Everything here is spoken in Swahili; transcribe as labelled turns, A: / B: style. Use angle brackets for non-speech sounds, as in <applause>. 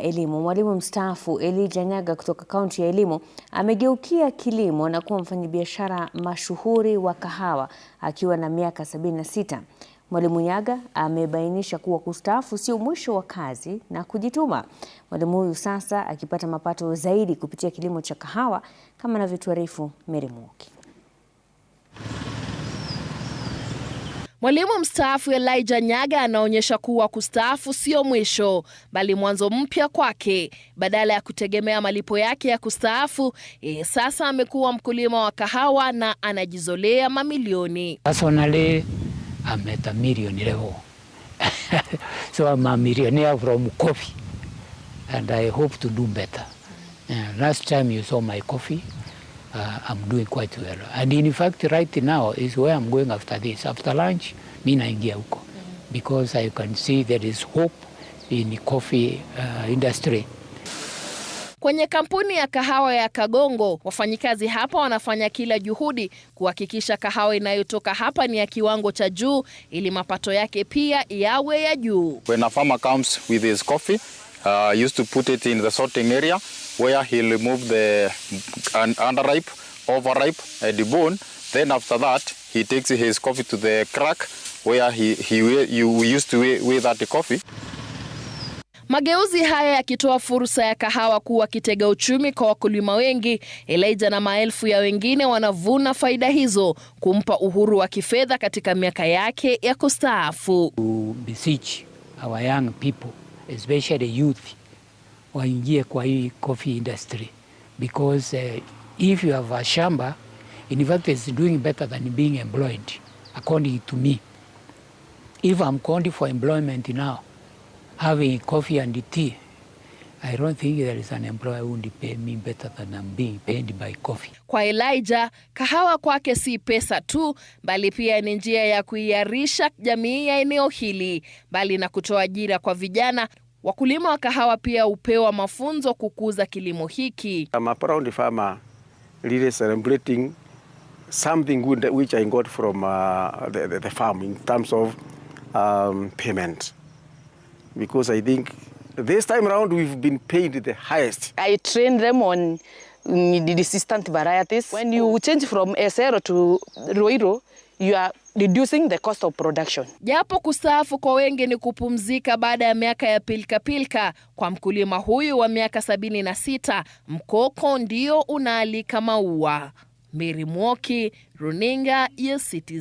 A: Elimu. Mwalimu mstaafu Elijah Nyaga kutoka kaunti ya Elimu amegeukia kilimo na kuwa mfanyabiashara mashuhuri wa kahawa akiwa na miaka sita. Mwalimu Nyaga amebainisha kuwa kustaafu sio mwisho wa kazi na kujituma. Mwalimu huyu sasa akipata mapato zaidi kupitia kilimo cha kahawa kama anavyotuarifu Mary Mwoki.
B: Mwalimu mstaafu Elijah Nyaga anaonyesha kuwa kustaafu sio mwisho bali mwanzo mpya kwake. Badala ya kutegemea malipo yake ya kustaafu, e, sasa amekuwa mkulima wa kahawa na anajizolea mamilioni.
C: Personally, I'm at a million level. <laughs> So I'm a millionaire from coffee and I hope to do better. Last time you saw my coffee uh, ah, I'm doing quite well. And in fact, right now is where I'm going after this. After lunch, mi naingia huko because I can see there is hope in the coffee uh, industry.
B: Kwenye kampuni ya kahawa ya Kagongo, wafanyikazi hapa wanafanya kila juhudi kuhakikisha kahawa inayotoka hapa ni ya kiwango cha juu ili mapato yake pia yawe ya juu.
D: When a farmer comes with his coffee, uh, used to put it in the sorting area where he removed the underripe, overripe, and uh, the bone. Then after that, he takes his coffee to the crack where he, he, you used to weigh weigh that coffee.
B: Mageuzi haya yakitoa fursa ya kahawa kuwa kitega uchumi kwa wakulima wengi, Elijah na maelfu ya wengine wanavuna faida hizo kumpa uhuru wa kifedha katika miaka yake ya kustaafu.
C: To our young people especially youth waingie kwa hii coffee industry because uh, if you have a shamba in fact it's doing better than being employed according to me if I'm called for employment now having coffee and tea I don't think there is an employer who would pay me better than I'm being paid by coffee.
B: Kwa Elijah, kahawa kwake si pesa tu bali pia ni njia ya kuiarisha jamii ya eneo hili. Mbali na kutoa ajira kwa vijana, wakulima wa kahawa pia hupewa mafunzo kukuza kilimo hiki.
E: I'm a proud farmer really celebrating something good which I got from uh, the, the, the farm in terms of um, payment because I think This time around we've been paid the highest.
F: I trained them on mm, the resistant varieties. When you change from Esero to Roiro, you are reducing the cost of production.
B: Japo kustaafu kwa wengi ni kupumzika baada ya miaka ya pilkapilka, kwa mkulima huyu wa miaka sabini na sita, mkoko ndio unaalika maua. Mary Mwoki, Runinga ya Citizen.